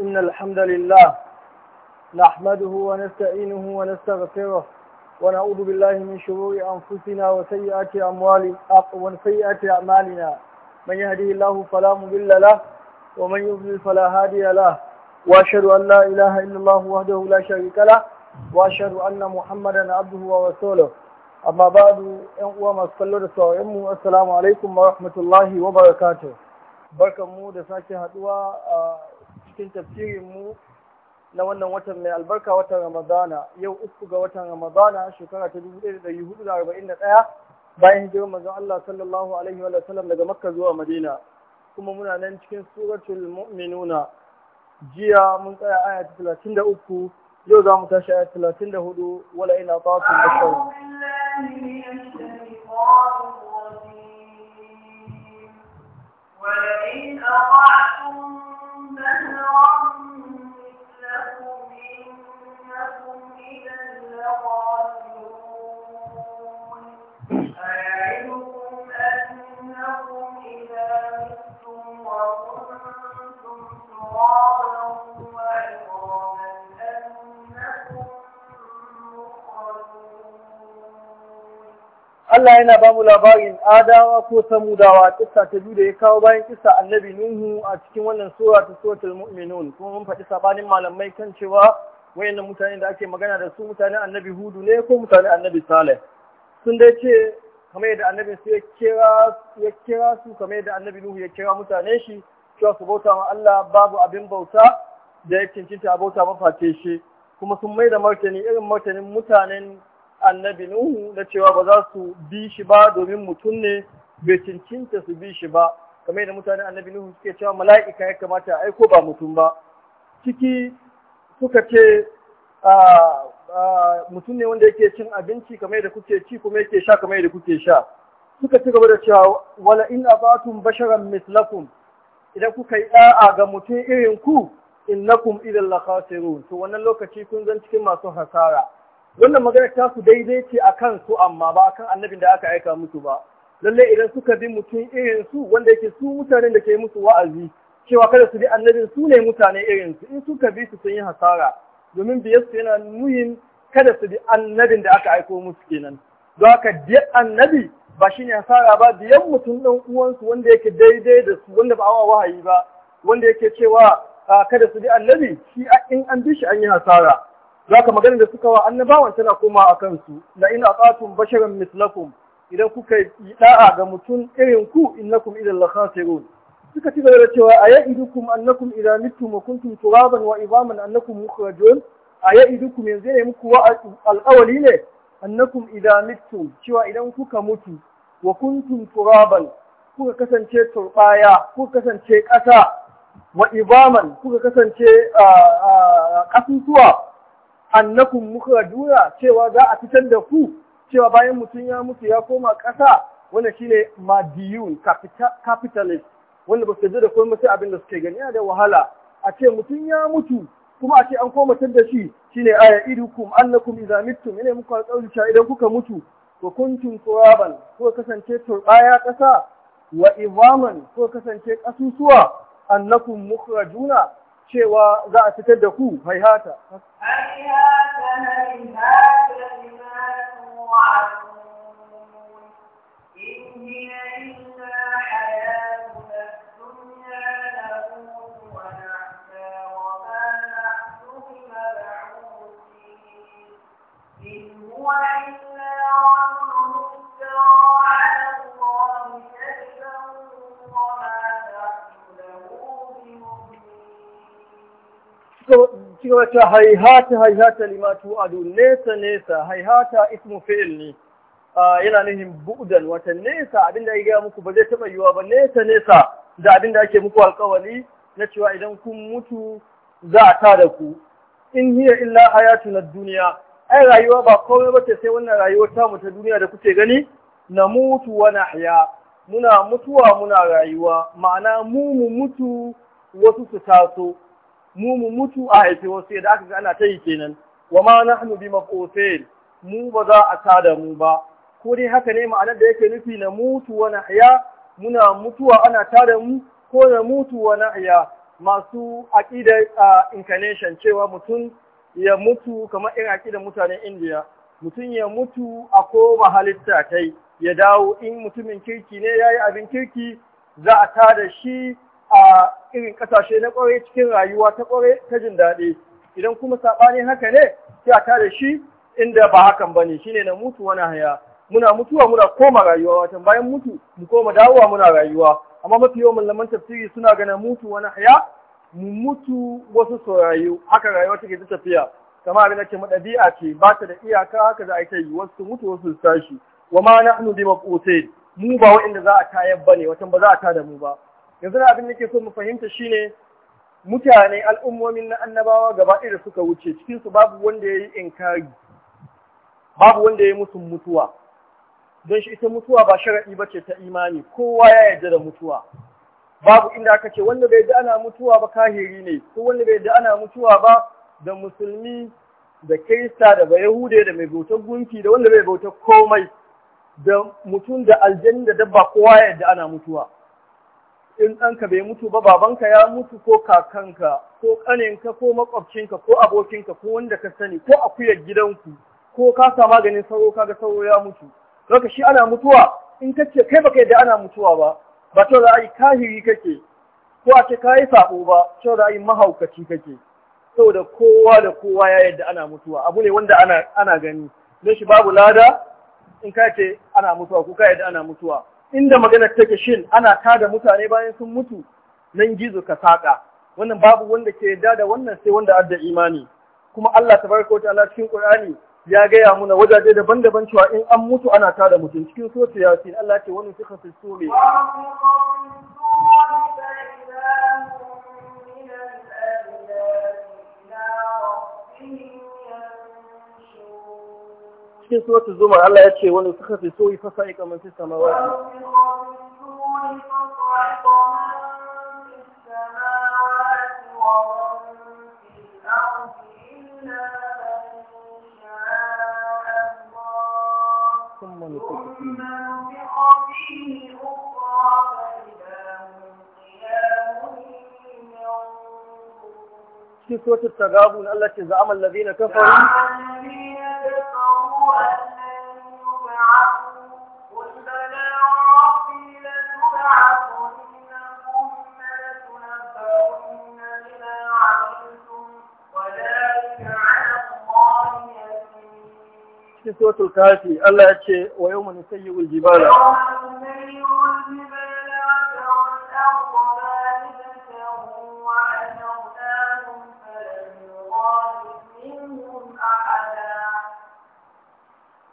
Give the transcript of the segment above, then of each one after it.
إن الحمد لله نحمده ونستعينه ونستغفره ونعوذ بالله من شرور أنفسنا وسيئات أموال وسيئات أعمالنا من يهدي الله فلا مضل له ومن يضلل فلا هادي له وأشهد أن لا إله إلا الله وحده لا شريك له وأشهد أن محمدا عبده ورسوله amma ba du ‘yan uwa masu kallo da sauranmu assalamu alaikum wa rahmatullahi wa barakatu barkan mu da sake haduwa a cikin tafsirin mu na wannan watan mai albarka watan Ramadana yau uku ga watan Ramadana shekara ta 1441 bayan hijirar manzon Allah sallallahu alaihi wa sallam daga Makka zuwa Madina kuma muna nan cikin suratul mu'minuna jiya mun tsaya aya ta 33 yau za mu tashi aya ta 34 wala ina ولئن أطعتم نهرا مثلكم إنكم إذا لغالبون Allah yana ba mu labarin adawa ko samudawa kissa ta biyu da ya kawo bayan kisa annabi Nuhu a cikin wannan sura ta suratul mu'minun kuma mun faɗi sabanin malamai kan cewa wayannan mutane da ake magana da su mutanen annabi Hudu ne ko mutanen annabi Saleh sun dai ce kamar yadda annabi su ya kira ya kira su kamar yadda annabi Nuhu ya kira mutane shi cewa su bauta ma Allah babu abin bauta da ya cincinta a bauta mafafe shi kuma sun mai da martani irin martanin mutanen annabi Nuhu na cewa ba za su bi shi ba domin mutum ne bai cincinta su bi shi ba kamar yadda mutane annabi Nuhu suke cewa mala'ika ya kamata a aiko ba mutum ba ciki suka ce mutum ne wanda yake cin abinci kamar yadda kuke ci kuma yake sha kamar yadda kuke sha suka ci gaba da cewa wala in abatun basharan mislakum idan kuka yi ɗa'a ga mutum irin ku innakum idan la khasirun to wannan lokaci kun zan cikin masu hasara wannan magana ta su daidai ce kan su amma ba kan annabin da aka aika musu ba lallai idan suka bi mutum irin su wanda yake su mutanen da ke musu wa'azi cewa kada su bi annabin su ne mutane irin in suka bi su sun yi hasara domin biyarsu yana nuyin kada su bi annabin da aka aiko musu kenan don haka biyar annabi ba shine hasara ba biyan mutum ɗan uwansu wanda yake daidai da su wanda ba awa wahayi ba wanda yake cewa ah, kada su bi annabi shi in an bi shi an yi hasara zaka magana da suka wa annabawan tana koma a kansu la ina aqatum basharan mislakum idan kuka yi da'a ga mutum irin ku innakum idan la khasirun suka ci gaba da cewa ayaidukum annakum idza mittum wa kuntum turaban wa idaman annakum mukhrajun ayaidukum yanzu ne muku wa alqawli ne annakum idza mittum cewa idan kuka mutu wa kuntum turaban kuka kasance turbaya kuka kasance kasa wa idaman kuka kasance kasusuwa ah, ah, Annakun, muka juna, cewa za a fitar da ku cewa bayan mutum ya mutu ya koma ƙasa wannan shine madiyun capitalist wanda ba su da komai sai abin da suke gani yana da wahala a ce mutum ya mutu kuma a ce an koma da shi shine aya idukum annakum idza mittum yana muku alƙawari idan kuka mutu Ko kuntum turaban ko kasance turbaya ƙasa wa iwaman ko kasance ƙasusuwa annakum juna. cewa za a fitar da ku mai na haihata haihata haihata ci gaba ta haihata haihata limatu adu nesa nesa haihata ismu fi'il ne ah, yana nufin bu'dan wata nesa abinda ya gaya muku ba zai taba yiwa ba nesa nesa da abinda ake muku alkawari na cewa idan kun mutu za a ta da ku in hiya illa hayatu na duniya ai rayuwa ba komai ba ce sai wannan rayuwar tamu ta duniya da kuke gani na mutu wa nahya muna mutuwa muna rayuwa ma'ana mu mu mutu wasu su taso mu mu mutu a haife wasu yadda aka ga ana ta yi kenan wa ma nahnu bi maqutil mu ba za a ta da mu ba ko dai haka ne ma'anar da yake nufi na mutu wa nahya muna mutuwa ana ta da mu ko na mutu wa nahya masu a incarnation cewa mutum ya mutu kamar irin aqidar mutanen India mutum ya mutu a ko halitta kai ya dawo in mutumin kirki ne yayi abin kirki za a ta da shi a irin kasashe na ƙware cikin rayuwa ta kwarai ta jin daɗi idan kuma saɓanin haka ne sai a tare shi inda ba hakan ba ne shine na mutu wani haya muna mutuwa muna koma rayuwa watan bayan mutu mu koma dawowa muna rayuwa amma mafi yawan malaman tafsiri suna ganin mutu wani haya mu mutu wasu rayu. haka rayuwa take ta tafiya kama abin da ke madabi'a ce ba ta da iyaka haka za a ta yi wasu su mutu wasu su tashi wa ma nahnu bi mabqutin mu ba wa'inda za a tayar ne, watan ba za a da mu ba yanzu na abin da ke so mu fahimta shine mutane al'ummomin na annabawa gaba ɗaya da suka wuce cikinsu babu wanda ya yi inkari babu wanda ya yi musu mutuwa don shi ita mutuwa ba sharaɗi ba ce ta imani kowa ya yarda da mutuwa babu inda aka ce wanda bai da ana mutuwa ba kahiri ne ko wanda bai da ana mutuwa ba da musulmi da kirista da ba yahude da mai bautar gunki da wanda bai bautar komai da mutum da aljanni da dabba kowa ya yarda ana mutuwa in ɗanka bai mutu ba babanka ya mutu ko kakanka ko ƙaninka ko makwabcinka ko abokinka ko wanda ka sani ko akuyar gidanku ko ka sa maganin sauro kaga sauro ya mutu Raka shi ana mutuwa in ka ce kai baka yadda ana mutuwa ba ba to za a yi kahiri kake ko a ce kayi sabo ba to za a yi mahaukaci kake saboda kowa da kowa ya yadda ana mutuwa abu ne wanda ana ana gani don shi babu lada in ka ce ana mutuwa ko ka yadda ana mutuwa inda maganar take shin ana tada mutane bayan sun mutu nan gizo ka saƙa wannan babu wanda ke yarda da wannan sai wanda adda imani kuma Allah tabaraka ta'ala cikin Qur'ani ya gaya muna wajaje daban-daban cewa in an mutu ana tada mutum cikin sura Yasin Allah ce wani suka fi cikin suratul zumar Allah ya ce wani suka fi so fa sai kamar sai samawa ثم نفخ فيه أخرى فإذا هم قيام ينظرون في سورة التغابن التي زعم الذين كفروا suratul kafi Allah ya ce wa yawma nusayyi'u al-jibala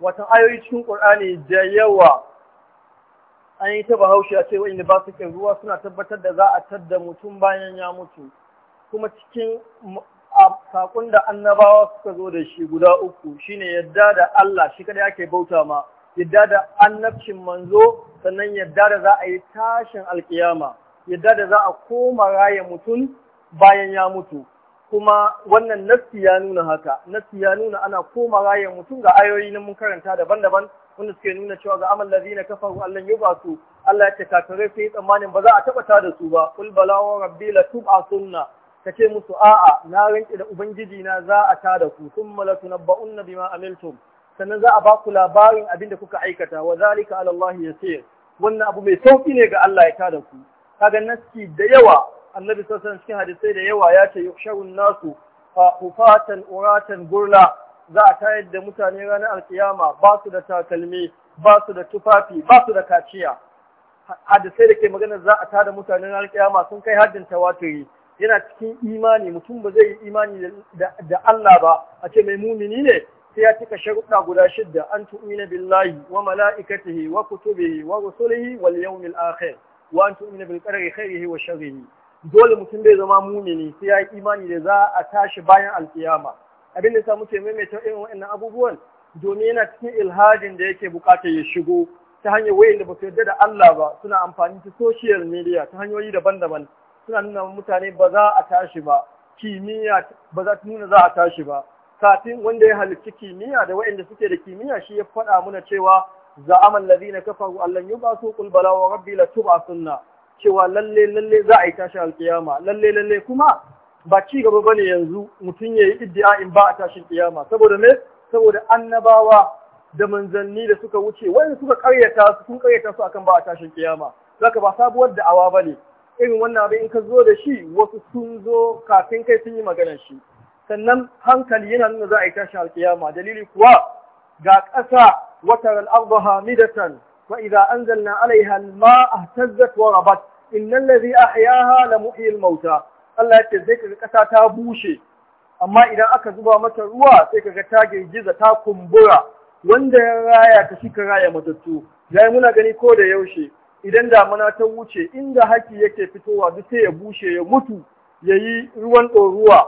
Watan ayoyi cikin Ƙur'ani da yawa an yi ta bahaushe a ce wa'inda ba su ruwa suna tabbatar da za a tadda mutum bayan ya mutu kuma cikin sakon da annabawa suka zo da shi guda uku shine yadda da Allah shi kada yake bauta ma yadda da annabcin manzo sannan yadda da za a yi tashin alkiyama yadda da za a koma raya mutum bayan ya mutu kuma wannan nassi ya nuna haka nassi ya nuna ana koma raya mutum ga ayoyi na mun karanta daban-daban wanda suke nuna cewa ga amal ladina kafaru Allah ya ba su Allah ya ce kafirai sai tsammanin ba za a taba ta da su ba kul bala wa rabbi la tub'a sunna ka ce musu a'a na rinke da ubangiji na za a ta da ku sun malatu na ba'un na bima amiltum sannan za a ba ku labarin abin da kuka aikata wa zalika ala Allah ya ce wannan abu mai sauki ne ga Allah ya ta da ku kaga naski da yawa annabi sallallahu cikin hadisai da yawa ya ce yuksharun nasu hufatan uratan gurla za a tayar da mutane ranar alkiyama ba su da takalmi ba su da tufafi ba su da kaciya hadisai da ke magana za a tada mutanen alkiyama sun kai haddin tawatiri yana cikin imani mutum ba zai yi imani da Allah ba a ce mai mumini ne sai ya cika sharuɗa guda shidda an tu'mina billahi wa mala'ikatihi wa kutubihi wa rusulihi wal yawmil akhir wa an tu'mina bil qadari khairihi wa sharrihi dole mutum bai zama mumini sai ya yi imani da za a tashi bayan alkiyama abin da sa muke maimaita irin abubuwan domin yana cikin ilhadin da yake bukata ya shigo ta hanyar wayanda ba su yarda da Allah ba suna amfani ta social media ta hanyoyi daban-daban suna nuna mutane ba za a tashi ba kimiyya ba za ta nuna za a tashi ba kafin wanda ya halicci kimiyya da waɗanda suke da kimiyya shi ya faɗa muna cewa za za'ama alladhina kafaru allan ba su bala wa rabbi la tub'athunna cewa lalle lalle za a yi tashi alkiyama lalle lalle kuma ba ci gaba ba ne yanzu mutum ya yi iddia in ba a tashin kiyama saboda me saboda annabawa da manzanni da suka wuce wanda suka karyata su sun karyata su akan ba a tashin kiyama zaka ba sabuwar da'awa ne. irin wannan abin in ka zo da shi wasu sun zo kafin kai sun yi maganar shi sannan hankali yana nuna za a yi tashi alkiyama dalili kuwa ga ƙasa wata al'adu hamidatan wa idza anzalna alaiha al-ma'a tazzat wa rabat innal ladhi ahyaha la muhyil mauta Allah ya ce zai kaga ƙasa ta bushe amma idan aka zuba mata ruwa sai kaga ta girgiza ta kumbura wanda ya raya ta shi ka raya matattu yayi muna gani ko da yaushe idan damuna ta wuce inda haki yake fitowa duk sai ya bushe ya mutu ya yi ruwan ɗoruwa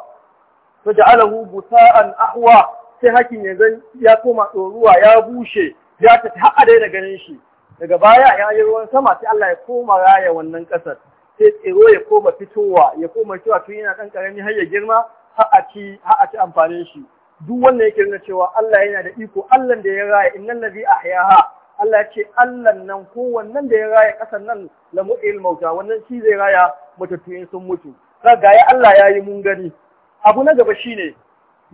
ta ja'alahu sa'an ahwa sai hakin ya zan ya koma ɗoruwa ya bushe ya tafi har da ganin shi daga baya ya yi ruwan sama sai Allah ya koma raya wannan ƙasar sai tsiro ya koma fitowa ya koma cewa tun yana ɗan ƙarami har ya girma har a amfanin shi duk wanda yake nuna cewa Allah yana da iko Allah da ya raya innal ladhi ahyaha Allah ya ce Allah nan ko wannan da ya raya ƙasar nan la mu'il mauta wannan shi zai raya matattuyin sun mutu ga ya Allah ya yi mun gani abu na gaba shine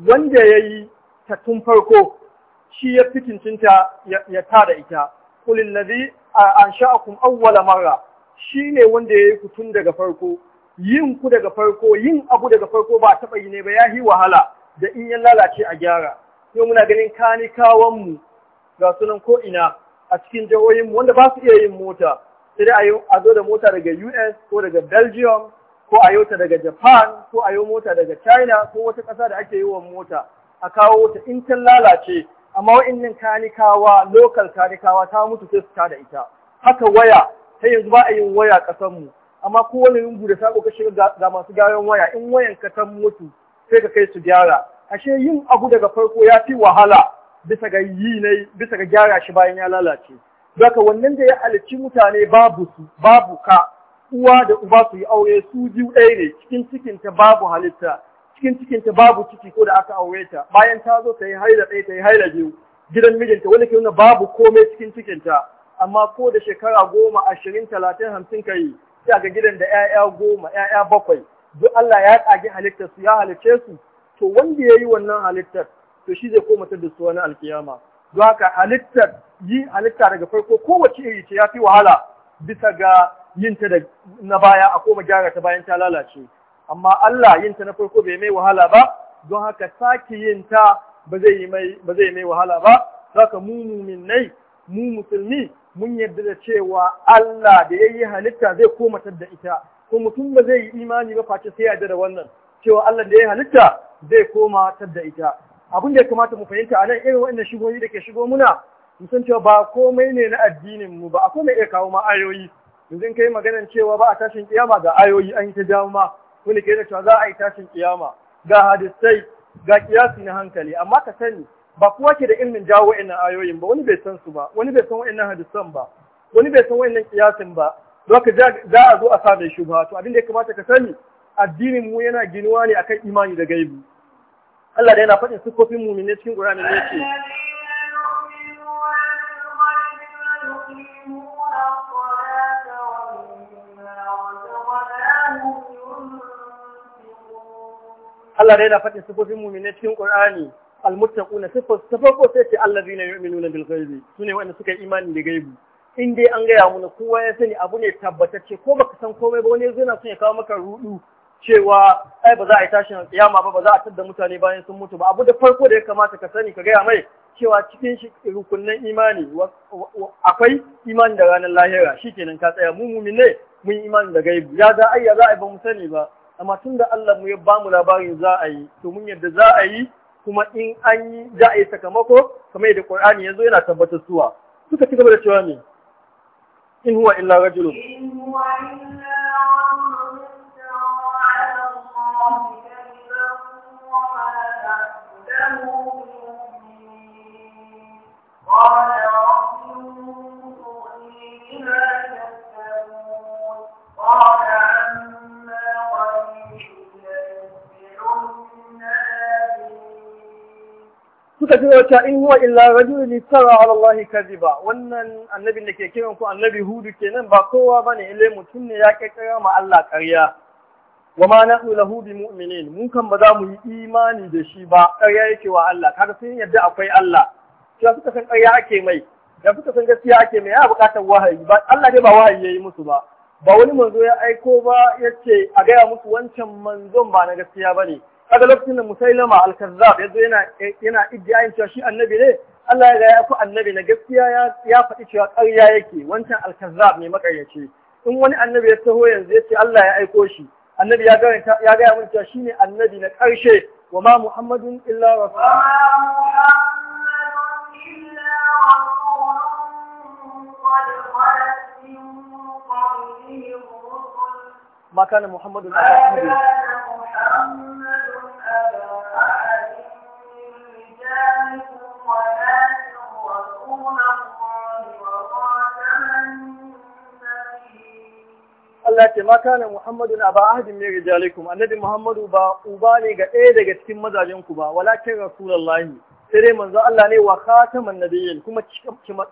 wanda ya yi ta tun farko shi ya fitincinta ya tada ita kulil ladhi ansha'akum awwala marra shine wanda ya yi ku tun daga farko yin ku daga farko yin abu daga farko ba taɓa yi ne ba ya yi wahala da in ya lalace a gyara yau muna ganin kani kawanmu ga sunan ko'ina a cikin jihohin wanda ba su iya yin mota sai dai a zo da mota daga US ko daga Belgium ko a yota daga Japan ko a mota daga China ko wata ƙasa da ake yi wa mota a kawo ta in ta lalace amma wa'annan kanikawa local kanikawa ta mutu sai su da ita haka waya ta yanzu ba a yin waya ƙasar mu amma kowane yungu da sako ka shiga ga masu gyaran waya in wayan ka ta mutu sai ka kai su gyara ashe yin abu daga farko ya fi wahala bisa ga yi ne bisa ga gyara shi bayan ya lalace Zaka wannan da ya halicci mutane babu su babu ka uwa da uba su yi aure su biyu ɗaya ne cikin cikinta babu halitta cikin cikinta babu ciki ko da aka aure ta bayan ta zo ta yi haila ɗaya ta yi haila biyu gidan mijinta wani ke nuna babu komai cikin cikinta amma ko da shekara goma ashirin talatin hamsin ka yi sai ga gidan da 'ya'ya goma 'ya'ya bakwai duk Allah ya tsage halittarsu su ya halicce su to wanda ya yi wannan halittar to shi zai koma da su wani alkiyama don haka halittar yi halitta daga farko kowace iri ce ya fi wahala bisa ga yin ta na baya a koma gyara ta bayan ta lalace amma Allah yin ta na farko bai mai wahala ba don haka sake yin ta ba zai yi mai wahala ba haka mu mu'minai mu musulmi mun yarda da cewa Allah da ya yi halitta zai koma da ita ko mutum ba zai yi imani ba face sai ya da wannan cewa Allah da ya halitta zai koma da ita abin da ya kamata mu fahimta a nan irin waɗannan shigoyi da ke shigo muna mu san cewa ba komai ne na addinin mu ba akwai mai iya kawo ma ayoyi yanzu in kai maganar cewa ba a tashin kiyama ga ayoyi an yi ta jawo ma wani ke da cewa za a yi tashin kiyama ga hadisai ga kiyasi na hankali amma ka sani ba kowa ke da ilimin jawo wa'annan ayoyin ba wani bai san su ba wani bai san wa'annan hadisan ba wani bai san wa'annan kiyasin ba doka za a zo a sa mai shubha to abin da ya kamata ka sani addinin mu yana ginuwa ne akan imani da gaibi Allah da yana faɗin sukofin mumine cikin Qur'ani ne ce Allah da yana faɗin sukofin mumine cikin Qur'ani almuttaquna sifar ta farko sai ce allazina yu'minuna bil ghaibi sune wanda suka yi imani da gaibi in dai an gaya mana kowa ya sani abu ne tabbatacce ko baka san komai ba wani yana son ya kawo maka rudu cewa ai ba za a yi tashin kiyama ba ba za a tadda mutane bayan sun mutu ba abu da farko da ya kamata ka sani ka gaya mai cewa cikin rukunnan imani akwai imani da ranar lahira shikenan ka tsaya mu ne, mun imani da gaibu ya za yi ya za a yi ba mu sani ba amma tun da Allah mu ya ba mu labarin za a yi to mun yadda za a yi kuma in an yi za a yi sakamako kamar yadda Qur'ani zo yana tabbatar suwa suka ci gaba da cewa ne in huwa illa rajulun suka ce wata in huwa illa rajulun iftara ala Allah kadiba wannan annabin da ke kiran ku annabi hudu kenan ba kowa bane ile mutum ne ya kakkara ma Allah ƙarya wa ma nahnu lahu mu'minin mun kan ba za mu yi imani da shi ba ƙarya yake wa Allah kaga sun yadda akwai Allah ya suka san ƙarya ake mai da suka san gaskiya ake mai ya buƙatar wahayi ba Allah dai ba wahayi yayi musu ba ba wani manzo ya aiko ba ya ce a gaya musu wancan manzon ba na gaskiya ne kaga lokacin da musailama al-kazzab zo yana yana ayin cewa shi annabi ne Allah ya ga ya annabi na gaskiya ya faɗi cewa ƙarya yake wancan al-kazzab ne makaryaci in wani annabi ya taho yanzu ya ce Allah ya aiko shi annabi ya gaya ya gaya mun cewa ne annabi na ƙarshe wa ma muhammadun illa rasul ما كان محمد أبا أحد من رجالكم Allah ce ma kana Muhammadun aba ahadin min rijalikum annabi Muhammadu ba uba ne ga ɗaya daga cikin mazajen ku ba walakin rasulullahi sai dai manzo Allah ne wa khataman nabiyyin kuma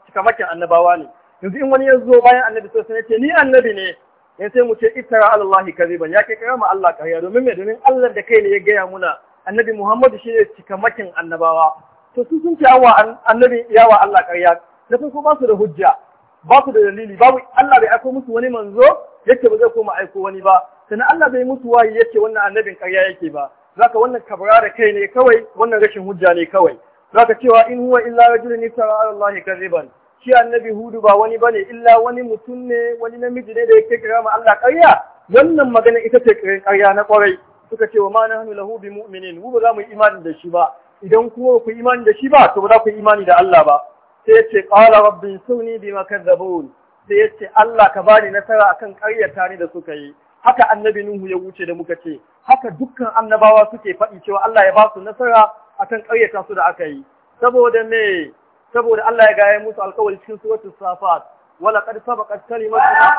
cikamakin annabawa ne yanzu in wani ya zo bayan annabi sosai ya ce ni annabi ne in sai mu ce ittara alallahi kaziban ya kai ma Allah karya domin me domin Allah da kai ne ya gaya muna annabi Muhammadu shi ne cikamakin annabawa to su sun ce awa annabi yawa Allah kariya na farko ba su da hujja ba su da dalili babu Allah bai aiko musu wani manzo yake ba zai koma aiko wani ba sannan Allah bai musu wayi yake wannan annabin karya yake ba zaka wannan kabra da kai ne kawai wannan rashin hujja ne kawai zaka cewa in huwa illa rajulun ittara alallahi kaziban shi annabi hudu ba wani bane illa wani mutum ne wani namiji ne da yake kira ma Allah ƙarya wannan magana ita ce ƙarya na ƙwarai suka ce wa ma nahnu lahu bi mu'minin mu ba za mu yi imani da shi ba idan kuma ku imani da shi ba to ba za ku yi imani da Allah ba sai ya ce qala rabbi suni bima kadzabun sai ya ce Allah ka bani nasara akan ƙaryata ni da suka yi haka annabi Nuhu ya wuce da muka ce haka dukkan annabawa suke faɗi cewa Allah ya ba su nasara akan ƙaryata su da aka yi saboda me saboda Allah ya ga ya musu alkawari cikin suratul safat wala qad sabaqat kalimatuna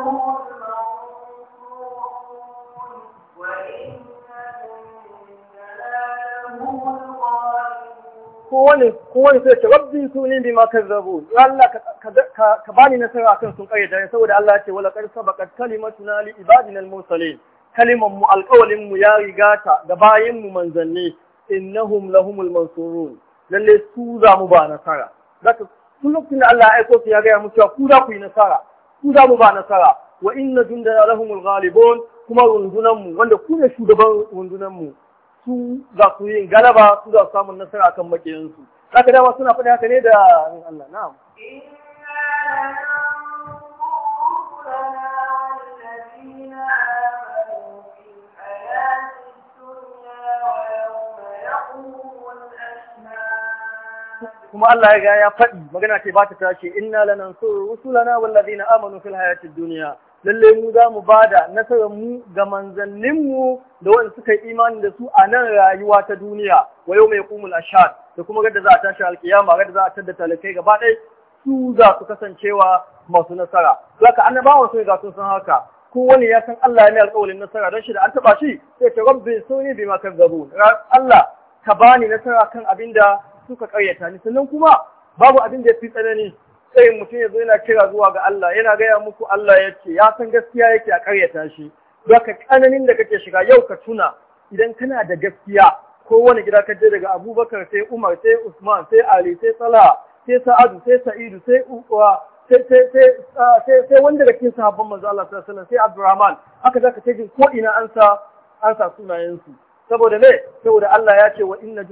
Oh kowane kowane sai ce rabbi ne bi ma zabu Allah ka bani nasara akan sun kare dare saboda Allah ya ce wala qad sabaqat kalimatuna li ibadina al-mursalin kalimar mu alqawlin mu ya rigata da bayin mu manzanni innahum lahumul mansurun lalle su za mu ba nasara zaka tun lokacin Allah ya aiko su ya ga mu cewa ku za ku yi nasara ku za mu ba nasara wa inna jundana lahumul ghalibun kuma rundunan mu wanda ku ne shugaban rundunan mu su za su yi galaba su za su samun nasara kan makiyansu haka dama suna faɗi haka ne da Allah na'am kuma Allah ya ya faɗi magana ce ba ta tashi inna lanansuru rusulana wallazina amanu fil hayatid dunya Lallai mu za mu ba da nasarar mu ga manzanninmu da wanda suka yi imani da su a nan rayuwa ta duniya wa yau mai kumul ashad da kuma gadda za a tashi alkiyama gadda za a tadda talakai gaba ɗaya su za su kasancewa masu nasara haka annabawa sun ga sun san haka wani ya san Allah ya mai alkawalin nasara don shi da an taɓa shi sai ta rabbi suni bima kazzabu Allah ka bani nasara kan abin da suka ƙaryata ni sannan kuma babu abin da ya fi tsanani sai mutum ya zo yana kira zuwa ga Allah yana gaya muku Allah ya ce ya san gaskiya yake a karyata shi ka kananin da kake shiga yau ka tuna idan kana da gaskiya ko wani gida ka je daga Abubakar sai Umar sai Usman sai Ali sai Salah sai Sa'adu sai Sa'idu sai Uwa ah, sai wanda da kin sahabban manzo Allah sallallahu alaihi sai Abdurrahman haka zaka ce ko ina an sa an saboda me saboda Allah ya ce wa inna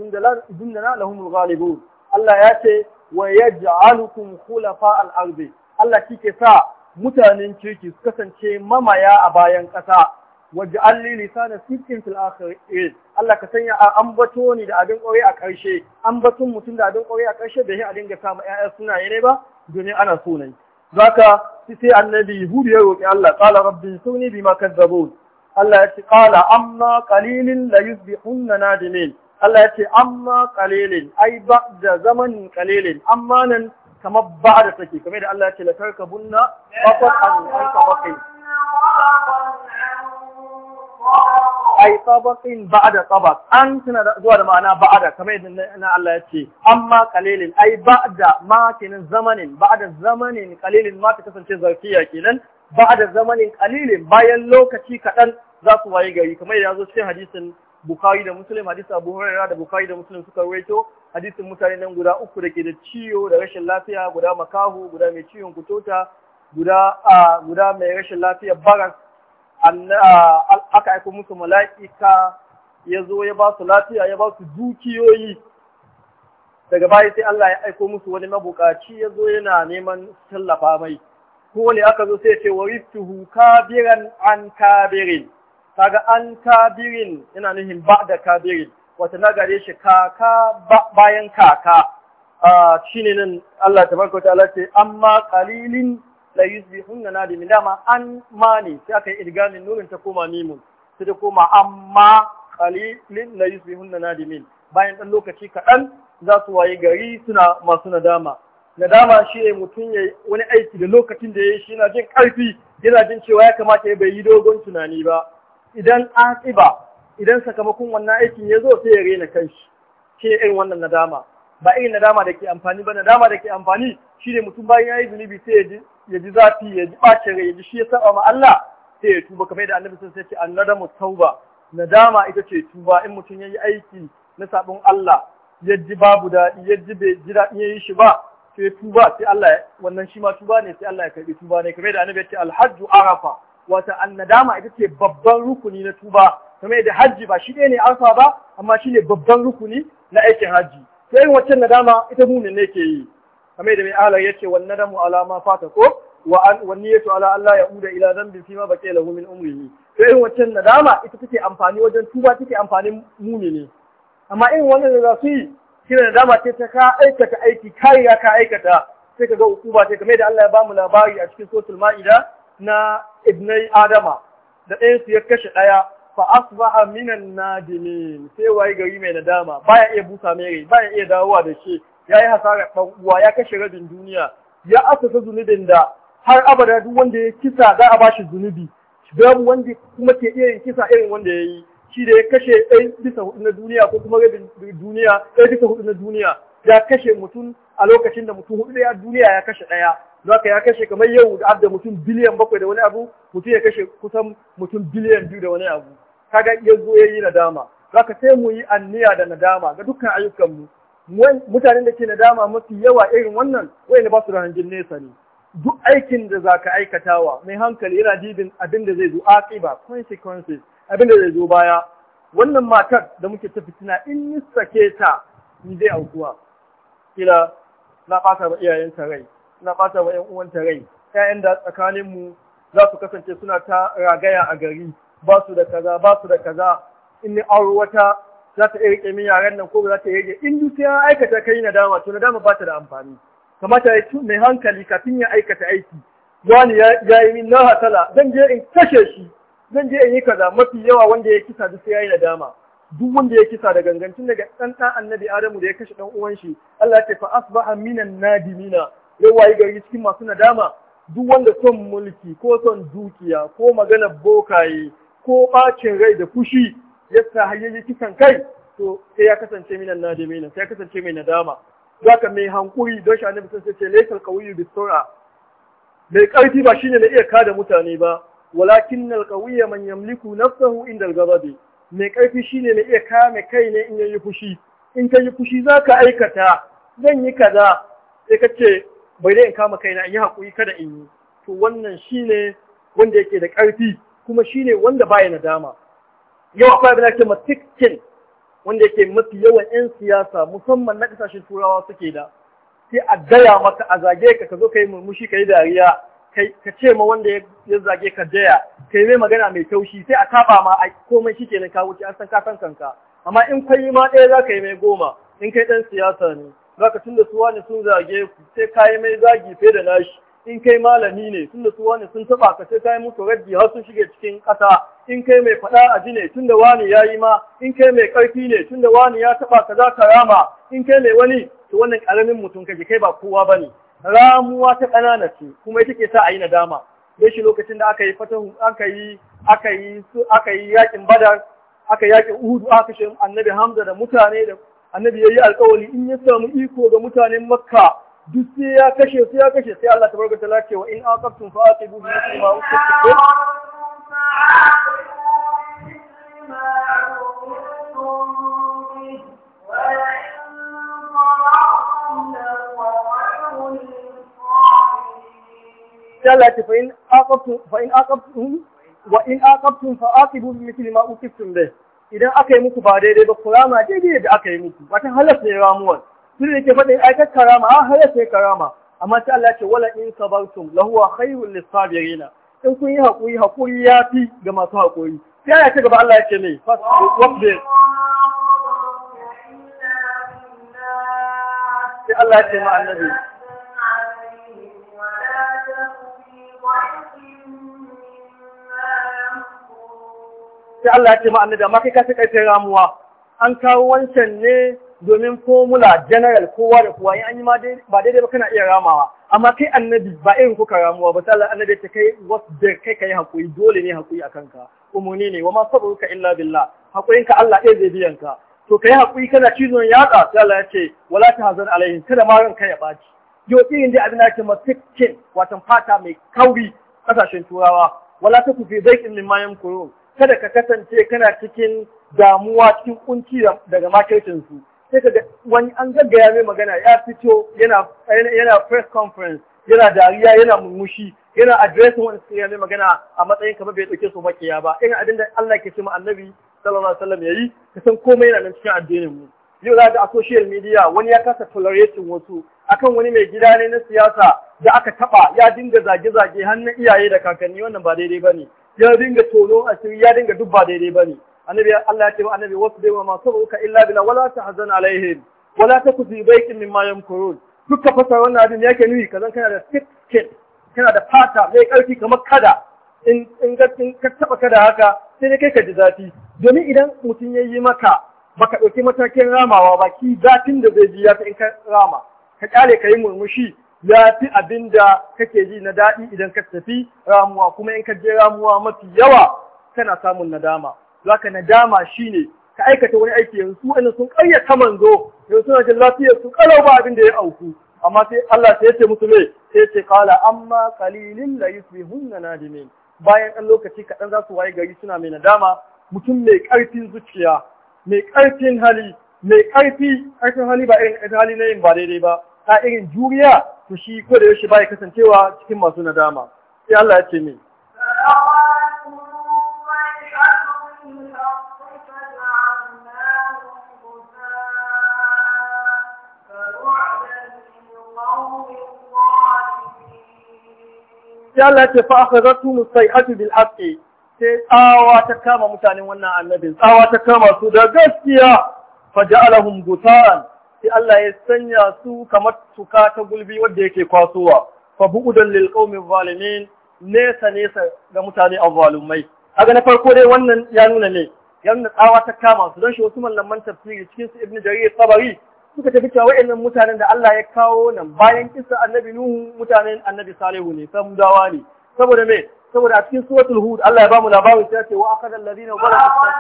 lahumul ghalibun Allah ya ce wa yaj'alukum khulafa al-ardi Allah kike sa mutanen kirki su kasance mamaya a bayan ƙasa waj'al li lisana sidqin fil akhirin Allah ka sanya a ambato ni da abin ƙwarai a ƙarshe ambaton mutum da abin ƙwarai a ƙarshe bai a dinga sa ma ƴaƴa sunaye ne ba domin ana sunai ne zaka sai annabi hudu ya roƙi Allah qala rabbi suni bima kadzabun Allah ya ce qala amma qalilin la yusbihunna nadimin Allah ya ce amma ƙalilin, ai ba da zaman ƙalilin, amma nan kamar ba da take kamar da Allah ya ce ka bunna, faqat an tabaqin ai ba da tabaq an suna zuwa da ma'ana da, kamar da na Allah ya ce amma ƙalilin, ai ba da makinin zamanin da zamanin ƙalilin, ma ta kasance zarfiya kenan da zamanin ƙalilin, bayan lokaci kaɗan za su waye gari kamar da ya zo cikin hadisin Bukhari da Muslim hadisi Abu Hurairah da Bukhari da Muslim suka rawaito hadisin mutane nan guda uku da ke da ciwo da rashin lafiya guda makahu guda mai ciwon kutota guda guda mai rashin lafiya barak aka aiko musu mala'ika ya zo ya ba su lafiya ya ba su dukiyoyi daga baya sai Allah ya aiko musu wani mabukaci ya zo yana neman tallafa mai ko ne aka zo sai ce wariftuhu kabiran an kabirin kaga an kabirin yana nuhin ba da kabirin wata na gare shi kaka bayan kaka ah, shi ne nan Allah ta barka ta ce amma qalilin la na nadimin dama an ma ne sai aka yi idgamin nurin ta koma mimun sai ta koma amma qalilin la da nadimin bayan ɗan lokaci kaɗan za su waye gari suna masu nadama nadama shi ne mutum ya wani aiki da lokacin da ya yi shi yana jin ƙarfi yana jin cewa ya kamata ya bai yi dogon tunani ba idan an aqiba idan sakamakon wannan aikin ya zo sai ya rena kanshi shi irin wannan nadama ba irin nadama da ke amfani ba nadama da ke amfani shi ne mutum bayan ya yi zunubi sai ya ji zafi ya ji ɓacin rai ya ji shi ya saba ma Allah sai ya tuba kamar yadda annabi sun ce mu tauba nadama ita ce tuba in mutum ya yi aiki na sabon Allah ya ji babu daɗi ya ji bai ji daɗi ya yi shi ba sai tuba sai Allah wannan shi ma tuba ne sai Allah ya karɓi tuba ne kamar yadda annabi ya ce alhajju arafa wata annadama ita ce babban rukuni na tuba kuma yadda hajji ba shi ne alfa ba amma shi ne babban rukuni na aikin hajji sai irin waccan nadama ita mumin ne ke yi kuma yadda mai ala ya ce wa nadamu alama fata ko wa niyyatu ala Allah ya uda ila dhanbin fima baqiya lahu min umrihi to irin waccan nadama ita take amfani wajen tuba take amfanin ne. amma in wannan da za su yi nadama ce ta ka aikata aiki kai ya ka aikata sai ka ga ba ce kuma da Allah ya bamu labari a cikin suratul ma'ida na ibnai adama da ɗayansu ya kashe ɗaya fa asbaha minan nadimin sai waye gari mai nadama baya iya busa mai rai baya iya dawowa da shi yi hasara ɗan uwa ya kashe rabin duniya ya asasa zunubin da har abada duk wanda ya kisa za a bashi zunubi babu wanda kuma ke iya yin kisa irin wanda ya yi shi da ya kashe ɗaya bisa hudu na duniya ko kuma rabin duniya ɗaya bisa hudu na duniya ya kashe mutum a lokacin da mutum hudu ɗaya duniya ya kashe ɗaya don haka ya kashe kamar yau da abda mutum biliyan bakwai da wani abu mutum ya kashe kusan mutum biliyan biyu da wani abu kaga ya zo ya yi nadama za ka sai mu yi anniya da nadama ga dukkan ayyukanmu mutanen da ke nadama mafi yawa irin wannan ne ba su da hanjin nesa ne duk aikin da za ka aikatawa mai hankali yana dibin abin da zai zo aqiba consequences abin da zai zo baya wannan matar da muke ta fitina in ni sake ta ni zai aukuwa kila na fata ba iyayen rai suna ɓata wa 'yan uwanta rai Ya'yan da tsakaninmu za su kasance suna ta ragaya a gari ba su da kaza ba su da kaza in ni auro wata za ta iya riƙe min yaran nan ko ba za ta rage in duk ya aikata kai na dama to na dama ba ta da amfani kamata ya mai hankali kafin ya aikata aiki wani ya yi min na hasala zan je in kashe shi zan je in yi kaza mafi yawa wanda ya kisa duk sai ya yi dama. duk wanda ya kisa da gangancin daga ɗan ɗan annabi Adamu da ya kashe ɗan uwan shi Allah ce fa asbaha minan nadimina ya gari cikin masu nadama duk wanda son mulki ko son dukiya ko magana bokaye ko ɓacin rai da fushi ya sa hayyayi kisan kai to sai ya kasance minan nadimin sai ya kasance mai nadama Za ka mai hankuri don shi annabi sun ce laysal qawiyyu bisura mai karfi ba shine mai iya kada mutane ba walakin alqawiyya man yamliku nafsahu inda alghadabi mai karfi shine mai iya kame kai ne in yayi fushi in ka yi fushi za ka aikata zan yi kaza sai ce. bai dai in kama kaina in yi haƙuri kada in yi to wannan shi ne wanda yake da ƙarfi kuma shi ne wanda baya nadama yau akwai abin da ake matikin wanda yake mafi yawan 'yan siyasa musamman na ƙasashen turawa suke da sai a gaya maka a zage ka zo ka yi murmushi ka yi dariya ka ce ma wanda ya zage ka daya ka yi mai magana mai taushi sai a kaɓa ma a komai shi kenan ka wuce an san ka kanka amma in kai ma ɗaya za ka yi mai goma in kai ɗan siyasa ne zaka tunda su wani sun zage ku sai kai mai zagi fe da nashi in kai malami ne tunda su wani sun taba ka sai kai musu raddi har sun shige cikin kasa in kai mai fada aji ne tunda wani yayi ma in kai mai karfi ne tunda wani ya taba ka za ka rama in kai mai wani to wannan karamin mutum kake kai ba kowa bane ramuwa ta ƙanana ce kuma ita sa a yi nadama dai shi lokacin da aka yi fatan aka yi aka yi aka yi yakin badar aka yakin uhudu aka shi annabi hamza da mutane da annabi yi alƙawari in ya samu iko ga mutanen makka duk sai ya kashe sai ya kashe sai Allah tabaraka ta ce wa in aqabtum fa aqibu bi mithli ma uqibtum Allah ce fa aqabtum fa aqabtum wa in aqabtum fa aqibu bi mithli ma uqibtum bih idan aka yi muku ba daidai ba ku rama daidai da aka yi muku wata halas ne ramuwa? sun da ke faɗin aikar karama a ah, halasta ne karama amma sai Allah ce wala in sabartum lahuwa khairul lisabirina in kun yi hakuri hakuri yafi ga masu hakuri sai ya ce gaba Allah ya ce mai. ma annabi sai Allah ya ce ma annabi amma kai ka sai kai ramuwa an kawo wancan ne domin formula general kowa da kowa in an yi ba daidai ba kana iya ramawa amma kai annabi ba irin kuka ramuwa ba sai annabi ta kai da kai kai hakuri dole ne hakuri akan ka umuni ne wa ma sabruka illa billah hakurin ka Allah ɗaya zai biyan ka to kai hakuri kana cizon yatsa sai Allah ya ce wala hazan alaihim kada ma ranka ya baci yau irin dai abin da ake masikin watan fata mai kauri kasashen turawa wala takufi zaiqin mimma kuro kada ka kasance kana cikin damuwa cikin kunci daga marketing su sai ka wani an gaggaya mai magana ya fito yana yana press conference yana dariya yana murmushi yana addressing wani sai mai magana a matsayin kamar bai dauke su makiya ba irin abin da Allah ke ce mu annabi sallallahu alaihi wasallam yayi ka san komai yana nan cikin addinin mu yau za da a social media wani ya kasa tolerating wasu akan wani mai gida ne na siyasa da aka taba ya dinga zage-zage hannun iyaye da kakanni wannan ba daidai ba ne. ya dinga tono asiri ya dinga duk ba daidai bane annabi Allah ya ce annabi wasu wa ma sabuka illa bila wala tahzan alaihim wala taku min baikin kurun. yamkurun duka fasa wannan abin yake nuni kazan kana da thick kana da fata mai karfi kamar kada in in ga ka taba kada haka sai dai kai ka ji zafi domin idan mutum ya yi maka baka ɗauki matakin ramawa ba ki zafin da zai ji ya in ka rama ka kare ka yi murmushi ya fi abin da kake ji na daɗi idan ka tafi ramuwa kuma in ka je ramuwa mafi yawa kana samun nadama Za ka nadama shi ne, ka aikata wani aiki yanzu wani sun ƙaryata manzo yanzu suna jin lafiyar su ƙalau ba abin da ya auku amma sai Allah sai ya ce musu me sai ce kala amma qalilin la yusbihunna nadimin bayan ɗan lokaci kaɗan za su waye gari suna mai nadama mutum mai ƙarfin zuciya mai ƙarfin hali mai ƙarfi ƙarfin hali ba irin ƙarfin hali na yin ba daidai ba ta irin juriya to shi ko da yaushe bai kasancewa cikin masu nadama sai Allah ya ce min sai Allah ya ce fa aka akhadhatu musayhatu bil haqqi sai tsawa ta kama mutanen wannan annabin tsawa ta kama su da gaskiya fa ja'alahum sai Allah ya sanya su kamar tuka ta gulbi wadda yake kwasowa fa bu'udan lil qaumi zalimin nesa nesa ga mutane azzalumai kaga na farko dai wannan ya nuna ne ya tsawa ta kama su don shi wasu mallaman tafsiri cikin su ibnu jarir tabari suka tafi cewa wayannan mutanen da Allah ya kawo nan bayan kisa annabi nuhu mutanen annabi salihu ne samudawa ne saboda me saboda a cikin suratul hud Allah ya bamu labarin cewa wa akhadha alladhina zalamu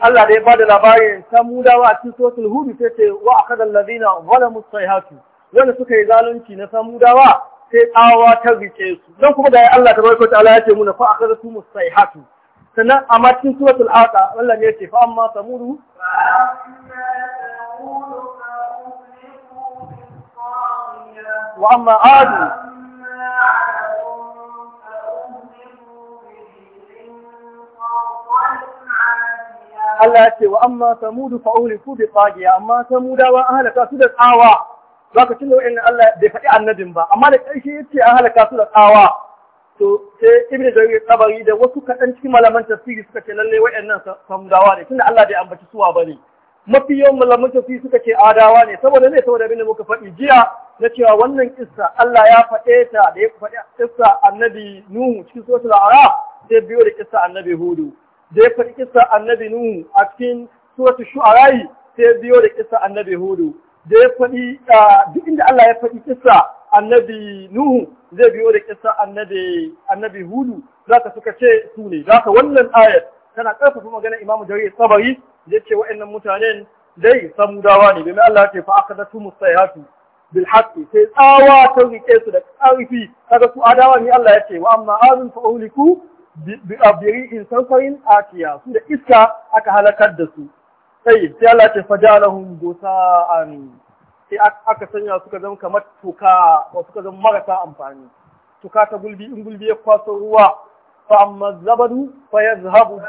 Allah da ya da labarin ta mudawa a cikin suratul hudu sai ce wa akhadha allazina zalamu sayhatu wanda suka yi zalunci na samudawa sai tsawa ta rike su dan kuma da Allah ta tabaraka ta'ala ya ce muna fa akhadhatu musayhatu sannan a cikin suratul aqa Allah ne ya ce fa amma ta samudu wa amma adu Allah ya ce wa amma samudu fa uhliku bi tagiya amma samudawa an halaka su da tsawa ka tunda wa'annan Allah bai faɗi annabin ba amma da ƙarshe yace an halaka su da tsawa to sai ibnu jarir tabari da wasu kaɗan cikin malaman tafsiri suka ce lalle nan samudawa ne tunda Allah bai ambaci suwa ba ne mafi yawan malaman tafsiri suka ce adawa ne saboda ne saboda abin da muka faɗi jiya na cewa wannan kissa Allah ya faɗe ta da ya faɗi kissa annabi Nuhu cikin suratul A'raf sai biyo da kissa annabi Hudu da ya faɗi kisa annabi Nuhu a cikin suratu shu'ara'i sai biyo da kisa annabi Hudu da ya faɗi duk inda Allah ya faɗi kisa annabi Nuhu zai biyo da kisa annabi annabi Hudu zaka suka ce su ne zaka wannan ayat tana ƙarfafa magana Imam Jarir Sabari da ce wa'annan mutanen dai dawa ne domin Allah ya ce fa akadatu musayhatu bil haqqi sai tsawa ta rike su da ƙarfi kaga su adawa ne Allah ya ce wa amma azun fa uhliku biabiriin in akiya su da iska aka halakar da su sai sai Allah faja lahum gusa'an sai aka sanya suka zama kamar tuka wa suka zama marasa amfani tuka ta gulbi in gulbi ya kwaso ruwa fa amma zabadu fa yazhabu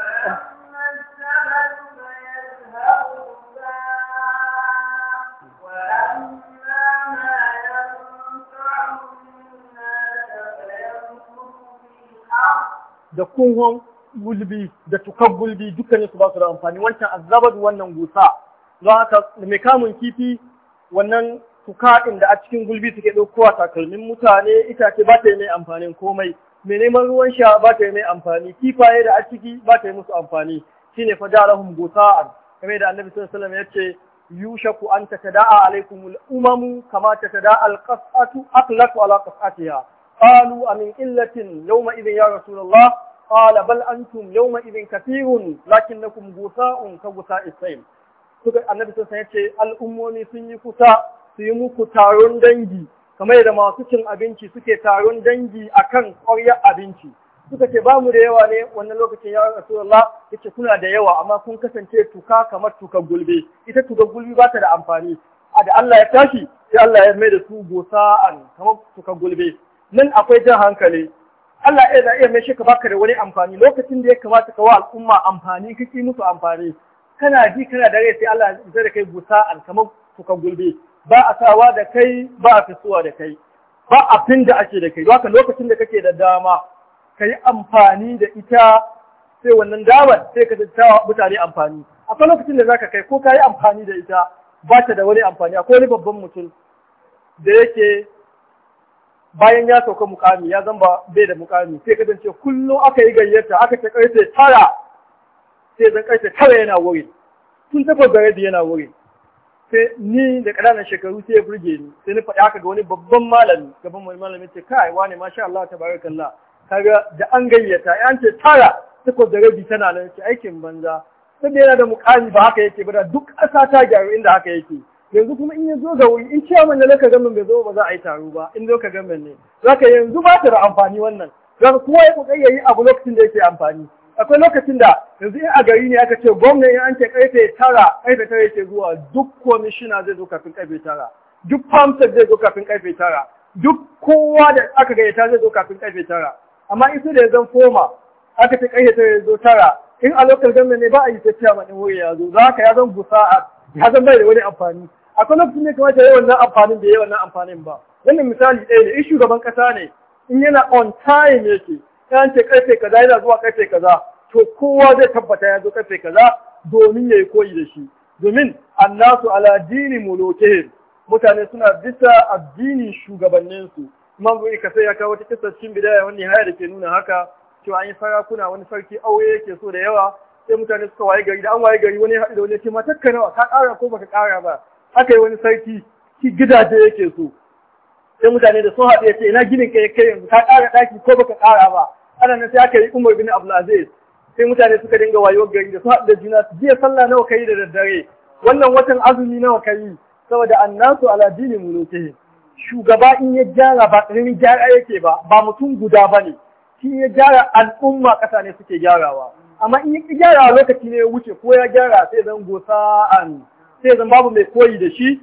da kunhon gulbi da tukar gulbi dukkanin su ba su da amfani wancan azabar wannan gusa don haka mai kamun kifi wannan tuka da a cikin gulbi suke ɗaukowa takalmin mutane itace ba ta yi mai amfanin komai mai neman ruwan sha ba ta yi mai amfani kifaye da a ciki ba ta yi musu amfani shine fa jarahum gusa'an kamar da annabi sallallahu alaihi wasallam yace yushaku an tatada'a alaikum al-umamu kama tatada'a al-qas'atu aqlaqu ala qas'atiha قالوا أمن قلة يومئذ يا رسول الله قال بل أنتم يومئذ كثير لكنكم غثاء كغثاء السيل annabi sun ya ce al'ummomi sun yi kusa su yi muku taron dangi kamar yadda masu cin abinci suke taron dangi akan ƙwaryar abinci suka ce ba mu da yawa ne wannan lokacin ya Rasulullah yace kuna da yawa amma kun kasance tuka kamar tuka gulbe ita tuka gulbe ba ta da amfani a da Allah ya tashi sai Allah ya mai da su gosa'an kamar tuka gulbe nan akwai jan hankali Allah ya da iya mai shi ka baka da wani amfani lokacin da ya kamata ka wa al'umma amfani kake musu amfani kana ji kana da rai sai Allah zai da kai busa alkamar kuka gulbe ba a sawa da kai ba a fisuwa da kai ba abin da ake da kai haka lokacin da kake da dama ka yi amfani da ita sai wannan damar sai ka ta mutane amfani akwai lokacin da zaka kai ko ka yi amfani da ita ba ta da wani amfani akwai wani babban mutum da yake bayan ya sauka mukami ya zamba bai da mukami sai zance kullum aka yi gayyata aka ce karfe tara sai zan karfe tara yana wuri tun gare da yana wuri sai ni da ƙananan shekaru sai ya burge ni sai na faɗi haka ga wani babban malami gaban wani malami ce kai wane sha Allah tabarakallah kaga da an gayyata an ce tara takwas da rabi tana nan ce aikin banza sai yana da mukami ba haka yake ba da duk ƙasa ta gyaru inda haka yake yanzu kuma in yanzu ga wuri in ciyaman wanda laka gamin bai zo ba za a yi taro ba in ka gamin ne zaka yanzu ba ta da amfani wannan zaka kowa ya kokari yayi abu lokacin da yake amfani akwai lokacin da yanzu in a gari ne aka ce in an ce karfe tara karfe tara yake zuwa duk komishina zai zo kafin karfe tara duk famsar zai zo kafin karfe tara duk kowa da aka gayyata zai zo kafin karfe tara amma in su da ya zan foma aka ce karfe tara ya zo tara in a lokacin gwamnati ne ba a yi ta ciyaman ɗin wuri ya zo za ka ya zan gusa ya zan bai da wani amfani akwai lokacin ne kamata yayi wannan amfanin da yayi wannan amfanin ba wannan misali ɗaya ne in shugaban ƙasa ne in yana on time yake kan ce karfe kaza yana zuwa karfe kaza to kowa zai tabbata ya zo karfe kaza domin yi koyi da shi domin annasu ala dini mulukihim mutane suna bisa addinin shugabanninsu imam bin kasai ya kawo wata kissa cikin bidaya wani haya da ke nuna haka cewa an yi sarakuna wani sarki aure yake so da yawa sai mutane suka waye gari da an waye gari wani haɗu da wani ce matakka nawa ka ƙara ko baka ƙara ba aka yi wani sarki shi gidaje yake so sai mutane da sun haɗu ya ce ina ginin ka kai yanzu ka ƙara ɗaki ko baka ƙara ba ana nan sai aka yi Umar bin Abdulaziz sai mutane suka dinga wayo gari da sun haɗu da juna su, jiya sallah nawa kai da daddare wannan watan azumi nawa kai saboda annasu ala dini mulukihim shugaba in ya gyara ba ƙaramin gyara yake ba ba mutum guda ba ne shi ya gyara al'umma ƙasa ne suke gyarawa amma in ya gyara lokaci ne ya wuce ko ya gyara sai zan gosa an sai zan babu mai koyi da shi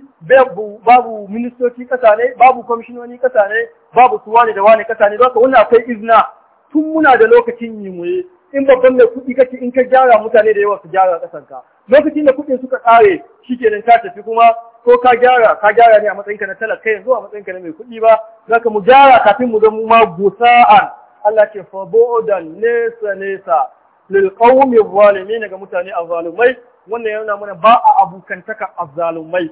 babu ministoci kasa ne babu kwamishinoni kasa ne babu su wane da wane kasa ne zaka wannan akwai izina. tun muna da lokacin yi muye in babban mai kuɗi kake in ka gyara mutane da yawa su gyara kasanka lokacin da kuɗin suka ƙare kenan ka tafi kuma ko ka gyara ka gyara ne a matsayinka na talaka yanzu a matsayinka na mai kuɗi ba zaka mu gyara kafin mu zama ma gusa'an Allah ce fabodan nesa nesa lil qawmi zalimin ga mutane azzalumai wannan yana mana ba a abokantaka azzalumai